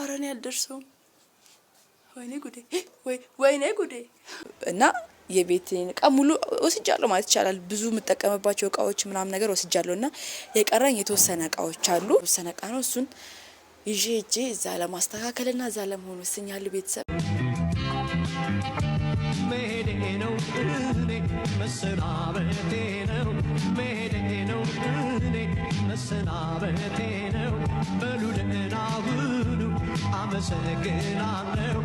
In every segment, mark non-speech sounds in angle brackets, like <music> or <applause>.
ኧረ እኔ አልደርሰውም። ወይኔ ጉዴ፣ ወይኔ ጉዴ እና የቤቴን እቃ ሙሉ ወስጃለሁ ማለት ይቻላል። ብዙ የምጠቀምባቸው እቃዎች ምናምን ነገር ወስጃለሁ እና የቀረኝ የተወሰነ እቃዎች አሉ። የተወሰነ እቃ ነው እሱን ይዤ እጄ እዛ ለማስተካከልና እዛ ለመሆን ወስኛለሁ ቤተሰብ መሄዴ ነው እኔ መሰናበቴ ነው መሄዴ ነው እኔ መሰናበቴ ነው በሉ ደህና ሁኑ አመሰግናለሁ።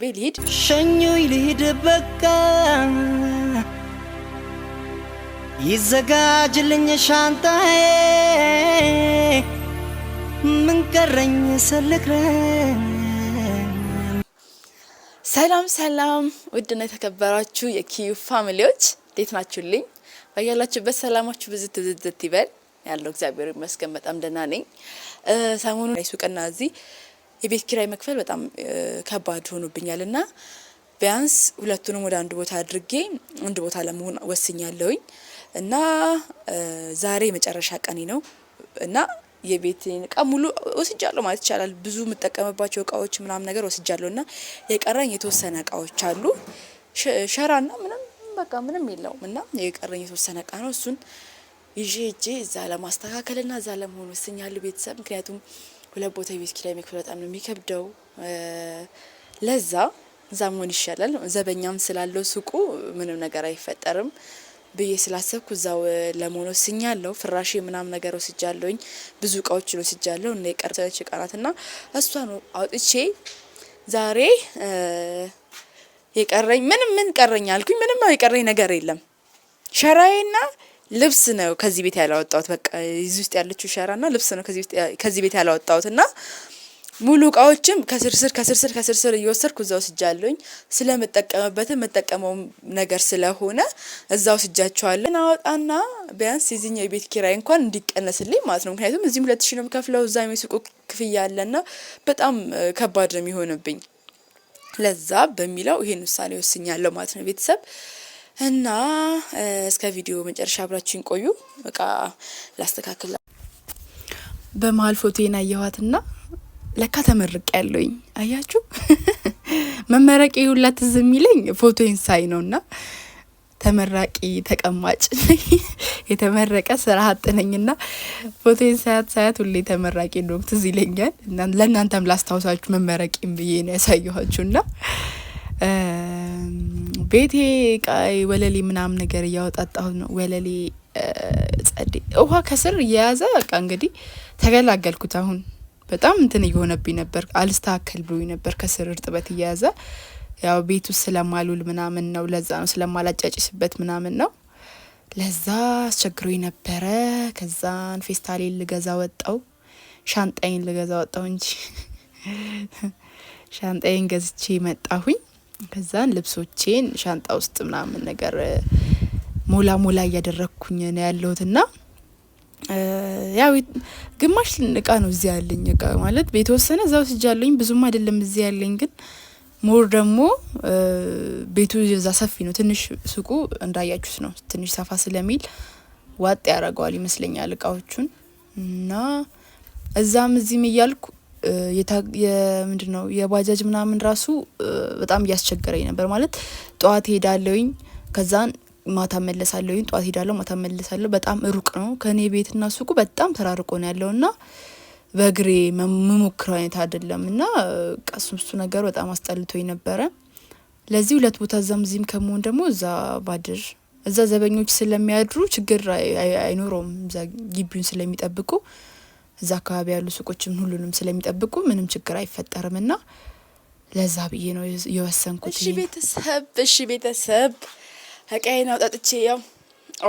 ልሂድ። ልሂድ በቃ ይዘጋጅልኝ ሻንጣዬ ሰላም ሰላም፣ ውድና የተከበራችሁ የኪዩ ፋሚሊዎች እንዴት ናችሁልኝ? በያላችሁበት ሰላማችሁ ብዙ ትዝዝት ይበል። ያለው እግዚአብሔር ይመስገን በጣም ደህና ነኝ። ሰሞኑን ሱቅና እዚህ የቤት ኪራይ መክፈል በጣም ከባድ ሆኖብኛል እና ቢያንስ ሁለቱንም ወደ አንድ ቦታ አድርጌ አንድ ቦታ ለመሆን ወስኛለሁኝ እና ዛሬ መጨረሻ ቀኔ ነው እና የቤቴን እቃ ሙሉ ወስጃለሁ ማለት ይቻላል። ብዙ የምጠቀምባቸው እቃዎች ምናምን ነገር ወስጃለሁ እና የቀረኝ የተወሰነ እቃዎች አሉ። ሸራና ምንም በቃ ምንም የለውም እና የቀረኝ የተወሰነ እቃ ነው። እሱን ይዤ እጄ እዛ ለማስተካከልና እዛ ለመሆን ወስኛለሁ ቤተሰብ። ምክንያቱም ሁለት ቦታ የቤት ኪራይ መክፈል በጣም ነው የሚከብደው። ለዛ እዛ መሆን ይሻላል። ዘበኛም ስላለው ሱቁ ምንም ነገር አይፈጠርም። ብዬ ስላሰብኩ እዛው ለመሆን ወስኛለሁ። ፍራሽ ምናም ነገር ወስጃለሁኝ፣ ብዙ እቃዎችን ወስጃለሁ። እና የቀረች ቃናት ና እሷን አውጥቼ ዛሬ የቀረኝ ምንም ምን ቀረኝ አልኩኝ። ምንም የቀረኝ ነገር የለም። ሸራዬና ልብስ ነው ከዚህ ቤት ያላወጣሁት። በቃ እዚህ ውስጥ ያለችው ሸራና ልብስ ነው ከዚህ ቤት ያላወጣሁት እና ሙሉ እቃዎችም ከስርስር ከስርስር ከስርስር እየወሰድኩ እዛው ስጃለኝ። ስለምጠቀምበትም የምጠቀመው ነገር ስለሆነ እዛው ስጃቸዋለሁ። አወጣና ቢያንስ የዚህኛው የቤት ኪራይ እንኳን እንዲቀነስልኝ ማለት ነው። ምክንያቱም እዚህም ሁለት ሺ ነው የምከፍለው፣ እዛ የሚስቁ ክፍያ አለና በጣም ከባድ ነው የሚሆንብኝ። ለዛ በሚለው ይሄን ውሳኔ ወስኛለሁ ማለት ነው ቤተሰብ እና እስከ ቪዲዮ መጨረሻ አብራችን ቆዩ። እቃ ላስተካክል። በመሀል ፎቶ ና አየኋትና ለካ ተመርቅ ያለውኝ አያችሁ። <laughs> መመረቅ ሁላ ትዝ የሚለኝ ፎቶን ሳይ ነው እና ተመራቂ ተቀማጭ <laughs> የተመረቀ ስራ አጥ ና ፎቶን ሳያት ሳያት ሁሌ ተመራቂ እንደሆነ ትዝ ይለኛል። ለእናንተም ላስታውሳችሁ መመረቂም ብዬ ነው ያሳየኋችሁ። ና ቤቴ ቃይ ወለሌ ምናምን ነገር እያወጣጣሁ ነው። ወለሌ ጸዴ ውሃ ከስር እየያዘ በቃ እንግዲህ ተገላገልኩት አሁን በጣም እንትን እየሆነብኝ ነበር፣ አልስተካከል ብሎኝ ነበር። ከስር እርጥበት እያያዘ ያው ቤት ውስጥ ስለማሉል ምናምን ነው፣ ለዛ ነው ስለማላጫጭስበት ምናምን ነው። ለዛ አስቸግሮኝ ነበረ። ከዛን ፌስታሌን ልገዛ ወጣው፣ ሻንጣይን ልገዛ ወጣው እንጂ <laughs> ሻንጣይን ገዝቼ መጣሁኝ። ከዛን ልብሶቼን ሻንጣ ውስጥ ምናምን ነገር ሞላ ሞላ እያደረግኩኝ ነው ያለሁትና ያው ግማሽ እቃ ነው እዚህ ያለኝ እቃ ማለት የተወሰነ እዛ ያለኝ ብዙም አይደለም እዚህ ያለኝ ግን ሞር ደግሞ ቤቱ እዛ ሰፊ ነው። ትንሽ ሱቁ እንዳያችሁት ነው ትንሽ ሰፋ ስለሚል ዋጥ ያደርገዋል ይመስለኛል እቃዎቹን እና እዛም እዚህም እያልኩ ምንድን ነው የባጃጅ ምናምን ራሱ በጣም እያስቸገረኝ ነበር። ማለት ጠዋት ሄዳለውኝ ከዛን ማታ መለሳለሁ ወይም ጠዋት ሄዳለሁ፣ ማታ መለሳለሁ። በጣም ሩቅ ነው ከእኔ ቤትና ሱቁ በጣም ተራርቆ ነው ያለው እና በእግሬ የምሞክረው አይነት አይደለም እና ቀሱሱ ነገር በጣም አስጠልቶኝ ነበረ። ለዚህ ሁለት ቦታ እዛም እዚህም ከመሆን ደግሞ እዛ ባድር እዛ ዘበኞች ስለሚያድሩ ችግር አይኖረውም። እዛ ግቢውን ስለሚጠብቁ እዛ አካባቢ ያሉ ሱቆችም ሁሉንም ስለሚጠብቁ ምንም ችግር አይፈጠርም እና ለዛ ብዬ ነው የወሰንኩት። እሺ ቤተሰብ እሺ ቤተሰብ እቃዬን አውጣጥቼ ያው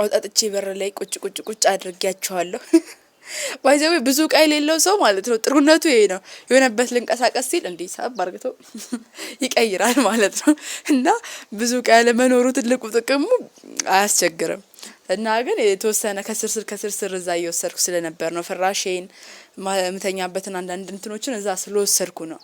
አውጣጥቼ በር ላይ ቁጭ ቁጭ ቁጭ አድርጊያቸዋለሁ። ባይዘዌ <laughs> ብዙ እቃ የሌለው ሰው ማለት ነው ጥሩነቱ ይሄ ነው። የሆነበት ልንቀሳቀስ ሲል እንዲህ ሳብ አርግቶ <laughs> ይቀይራል ማለት ነው። <laughs> እና ብዙ እቃ ያለ ትልቁ ጥቅሙ አያስቸግርም። እና ግን የተወሰነ ከስርስር ስር ከስር ስር እዛ እየወሰድኩ ስለነበር ነው ፍራሼን፣ ምተኛበትን አንዳንድ እንትኖችን እዛ ስለወሰድኩ ነው።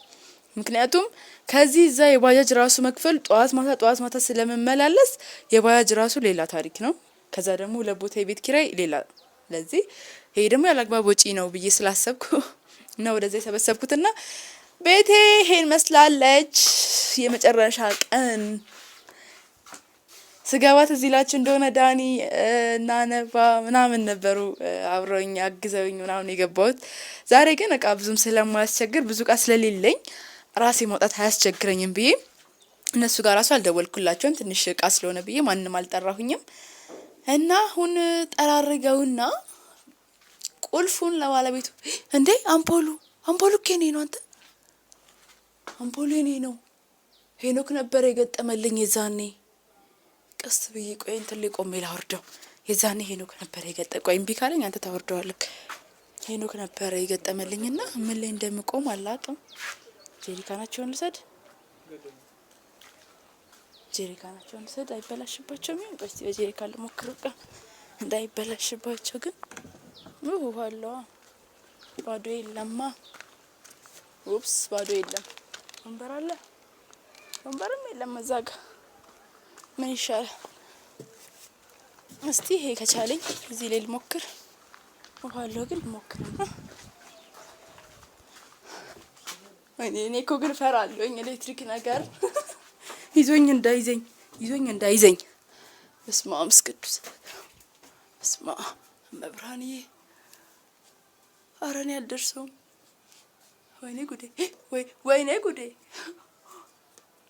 ምክንያቱም ከዚህ እዛ የባጃጅ ራሱ መክፈል ጠዋት ማታ ጠዋት ማታ ስለምመላለስ የባጃጅ ራሱ ሌላ ታሪክ ነው። ከዛ ደግሞ ለቦታ የቤት ኪራይ ሌላ። ለዚህ ይሄ ደግሞ ያላግባብ ወጪ ነው ብዬ ስላሰብኩ <laughs> ነው ወደዚ የሰበሰብኩትና ቤቴ ይሄን መስላለች። የመጨረሻ ቀን ስገባት ትዝ ይላችሁ እንደሆነ ዳኒ እና ነባ ምናምን ነበሩ አብረውኝ አግዘውኝ ምናምን የገባሁት። ዛሬ ግን እቃ ብዙም ስለማያስቸግር ብዙ እቃ ስለሌለኝ ራሴ መውጣት አያስቸግረኝም ብዬ እነሱ ጋር ራሱ አልደወልኩላቸውም። ትንሽ እቃ ስለሆነ ብዬ ማንም አልጠራሁኝም። እና አሁን ጠራርገውና ቁልፉን ለባለቤቱ እንዴ አምፖሉ አምፖሉ ኬኔ ነው፣ አንተ አምፖሉ የኔ ነው፣ ሄኖክ ነበር የገጠመልኝ የዛኔ። ቀስ ብዬ ቆይ እንትን ላይ ቆሜ ላወርደው። የዛኔ ሄኖክ ነበር የገጠ ቆይ እምቢ ካለኝ አንተ ታወርደዋለህ። ሄኖክ ነበር የገጠመልኝና ምን ላይ እንደምቆም አላውቅም። ጀሪካናቸውን ልሰድ ጀሪካናቸውን ልሰድ አይበላሽባቸው ሚሆን በስቲ በጀሪካ ልሞክር ቃ እንዳይበላሽባቸው ግን ውሃ አለዋ ባዶ የለማ ውብስ ባዶ የለም ወንበር አለ ወንበርም የለም እዛ ጋ ምን ይሻላል እስቲ ይሄ ከቻለኝ እዚህ ላይ ልሞክር ውሃለሁ ግን ልሞክር እኔ እኮ ግን ፈራለሁኝ። ኤሌክትሪክ ነገር ይዞኝ እንዳይዘኝ ይዞኝ እንዳይዘኝ። በስመ አብ ወመንፈስ ቅዱስ በስመ አብ መብርሃንዬ። ኧረ እኔ አልደርሰውም። ወይኔ ጉዴ! ወይ ወይኔ ጉዴ!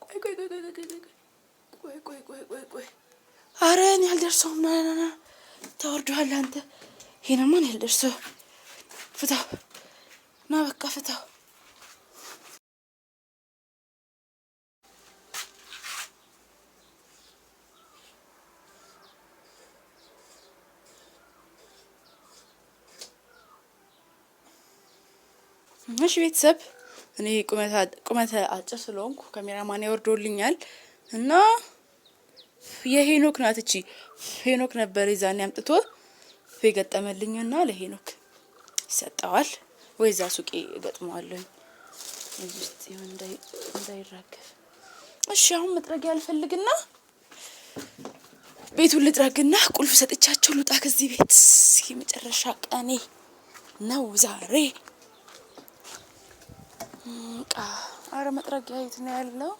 ቆይ ቆይ ቆይ ቆይ ቆይ ቆይ ቆይ ቆይ። ኧረ እኔ አልደርሰውም። ና ና ና፣ ታወርደዋለህ አንተ። ይሄንማ እኔ አልደርሰውም። ፍታው፣ ና በቃ ፍታው እሺ ቤተሰብ እኔ ቁመተ አጭር ስለሆንኩ ካሜራማን ያወርዶልኛል እና የሄኖክ ናት እቺ። ሄኖክ ነበር ይዛን አምጥቶ የገጠመልኝና ለሄኖክ ይሰጠዋል ወይ እዛ ሱቄ እገጥመዋለሁኝ እዚህ ውስጥ ይሁን እንዳይራገፍ። እሺ አሁን መጥረግ ያልፈልግና ቤቱን ልጥረግና ቁልፍ ሰጥቻቸው ልውጣ ከዚህ ቤት። የመጨረሻ ቀኔ ነው ዛሬ። አረ መጥረጊያ የት ነው ያለው?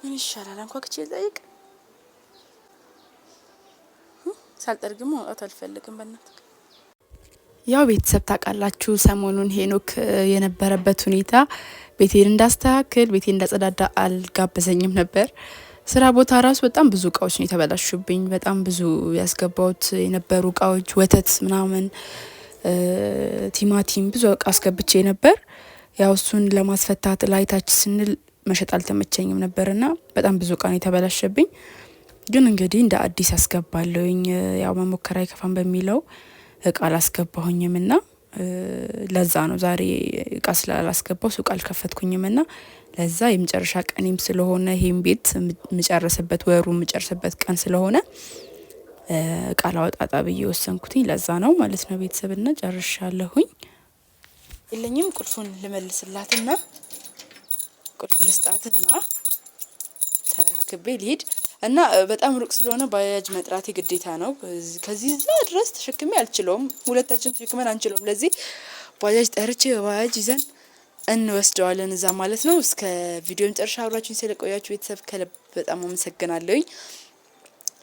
ምን ይሻላል? ልጠይቅ። ሳልጠርግም መውጣት አልፈልግም። ያው ቤተሰብ ታውቃላችሁ፣ ሰሞኑን ሄኖክ የነበረበት ሁኔታ ቤቴን እንዳስተካክል ቤቴን እንዳጸዳዳ አልጋበዘኝም ነበር። ስራ ቦታ ራሱ በጣም ብዙ እቃዎች ነው የተበላሹብኝ። በጣም ብዙ ያስገባውት የነበሩ እቃዎች፣ ወተት ምናምን፣ ቲማቲም ብዙ እቃ አስገብቼ ነበር። ያው እሱን ለማስፈታት ላይታች ስንል መሸጥ አልተመቸኝም ነበርና በጣም ብዙ እቃ ነው የተበላሸብኝ። ግን እንግዲህ እንደ አዲስ አስገባለሁኝ ያው መሞከር አይከፋም በሚለው እቃ አላስገባሁኝም ና ለዛ ነው ዛሬ እቃ ስላላስገባው ሱቅ አልከፈትኩኝም ና ለዛ የመጨረሻ ቀኔም ስለሆነ ይህም ቤት የምጨርስበት ወሩ የምጨርስበት ቀን ስለሆነ እቃ ላወጣጣ ብዬ ወሰንኩትኝ። ለዛ ነው ማለት ነው ቤተሰብና ጨርሻለሁኝ። የለኝም። ቁልፉን ልመልስላትና ቁልፍ ልስጣትና ተረካክቤ ልሂድ እና በጣም ሩቅ ስለሆነ ባጃጅ መጥራቴ ግዴታ ነው። ከዚህ እዛ ድረስ ተሸክሜ አልችለውም። ሁለታችን ተሸክመን አንችለውም። ለዚህ ባጃጅ ጠርቼ በባጃጅ ይዘን እንወስደዋለን እዛ ማለት ነው። እስከ ቪዲዮ መጨረሻ አብራችሁኝ ስለቆያችሁ ቤተሰብ ከልብ በጣም አመሰግናለሁኝ።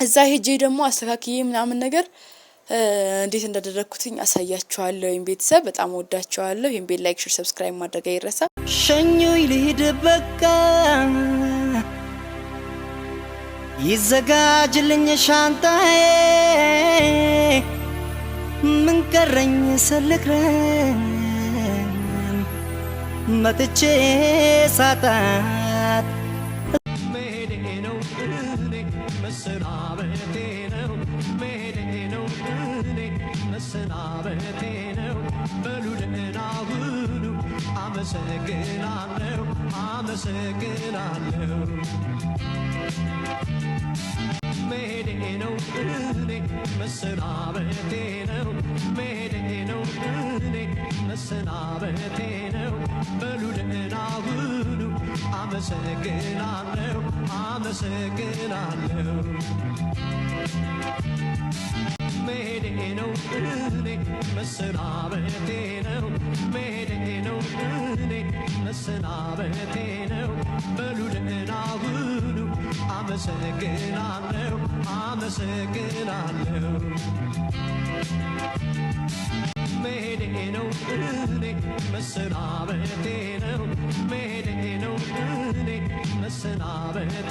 እዛ ሄጄ ደግሞ አስተካክዬ ምናምን ነገር እንዴት እንዳደረግኩትኝ አሳያችኋለሁ። ይህም ቤተሰብ በጣም ወዳችኋለሁ። ይህም ቤት ላይክ፣ ሽር፣ ሰብስክራይብ ማድረግ አይረሳ። ሸኞኝ ልሂድ በቃ ይዘጋጅልኝ ሻንጣዬ ምንቀረኝ ሰልክረ መጥቼ ሳጣ መሰናበቴ ነው መሄዴ ነው እኔ መሰናበቴ ነው በሉ ደህና ሁኑ። አመሰግናለሁ አመሰግናለሁ መሄዴ ነው እኔ መሰናበቴ ነው መሄዴ ነው እኔ መሰናበቴ ነው በሉ ደህና ሁኑ አመሰግናለሁ አመሰግናለሁ መሄዴ ነው እኔ መሰናበቴ ነው መሄዴ ነው እኔ መሰናበቴ ነው በሉ ደህና ሁኑ አመሰግናለሁ አመሰግናለሁ መሄዴ ነው እኔ መሰናበቴ ነው መሄዴ ነው